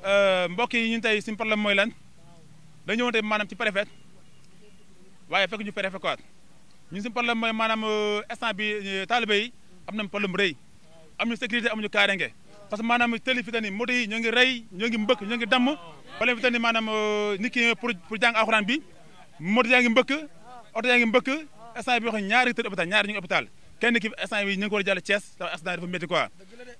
Euh, mbokk yi ñun tey suñu problème mooy lan dañu ñëwoon tey maanaam ci préfet waaye fekk ñu préfet quoi ñu suñu problème mooy maanaam euh, instant bi euh, taalibe yi am nañu problème rëy amuñu sécurité amuñu kaaraange parce que maanaam tëli fi tani moto yi ñoo ngi rey ñoo ngi mbëkk ñoo ngi damm problème fi tani maanaam nit ki pour pour jàng bi moto yaa yaa ngi mbëkk instant bi wax ñaari tëdd hôpital ñaari ñu ngi hôpital kenn ki instant bi ñu ko war a jàll Thiès dafa instant dafa métti quoi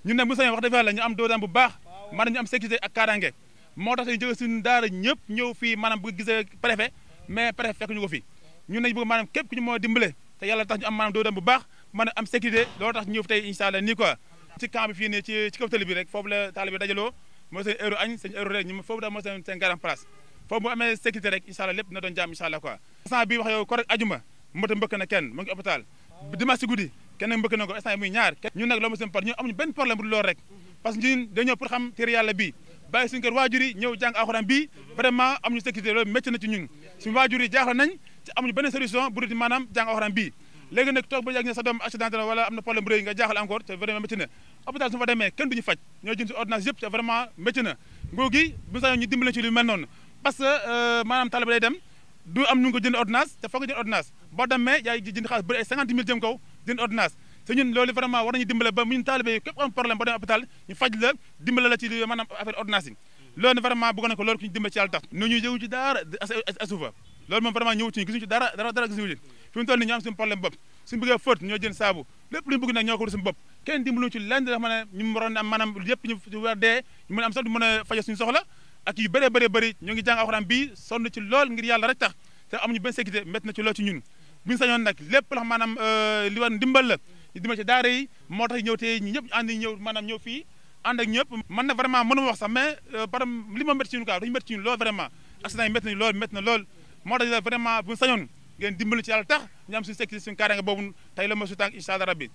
ñun nag bu sañoon ñu am doodaan bu baax mën nañu am sécurité ak kaaraange moo tax dañu jóge suñu daara ñëpp ñëw fii maanaam bëgg gisee préfet mais préfet fekk ñu ko fi ñun nañ bëgg maanaam képp ku ñu moo dimbale te yàlla tax ñu am maanaam doo bu baax mën a am sécurité loolu tax ñëw fi tey incha allah nii quoi ci camp bi fii nii ci ci kaw tali bi rek foofu la taalibe dajaloo mooy seen heure añ seen heure rek ñu foofu daal mooy seen seen garan place foofu bu amee sécurité rek incha allah na doon jàmm incha parce que ñun dañoo pour xam téere yàlla bii bàyyi suñu kër waajur yi ñëw jàng alxuraan bii vraiment amuñu sécurité loolu na ci ñun suñu waajur yi jaaxle nañ ci amuñu benn solution bu dul maanaam jàng alxuraan bii léegi nag toog ba yàgg ne sa accident la wala am na problème rëy nga jaaxal encore te vraiment métti na hôpital si ordonnance na nguur gi bu ñu dimbale ci lu mel noonu parce que euh, maanaam talaba day dem du am ñu ngi jënd ordonnance te foog te ñun loolu vraiment war nañu dimbale ba ñun taalibe yi képp am problème ba dem hôpital ñu faj la dimbale la ci maanaam affaire ordonnance yi loolu vraiment bëgg na ko loolu ku ñu dimbale ci yàlla tax nu ñuy jëwu ci daara asuufa loolu moom vraiment ñëwu ci gisuñu ci dara dara dara gisuñu ci fi mu toll nii ñu am suñu problème bopp suñu bëggee fóot ñu bëgg nag ñoo ko wut suñu ñu waroon am a faje suñu soxla ak yu bii sonn ci lool ngir yàlla rek tax te amuñu ñu sañoon nag lépp dima ci daara yi moo tax ñëw tey ñëpp ànd ñëw maanaam ñëw fii ànd ak ñëpp man na vraiment mënuma wax sax mais euh, par li ma métti ci ñun quoi dañu métti ci ñun lool vraiment accident yi métti nañu lool met na lool moo tax vraiment bu ñu sañoon ngeen dimbali ci yàlla tax ñu am suñu sécurité suñu boobu tey la ma su tànk incha allah rabbi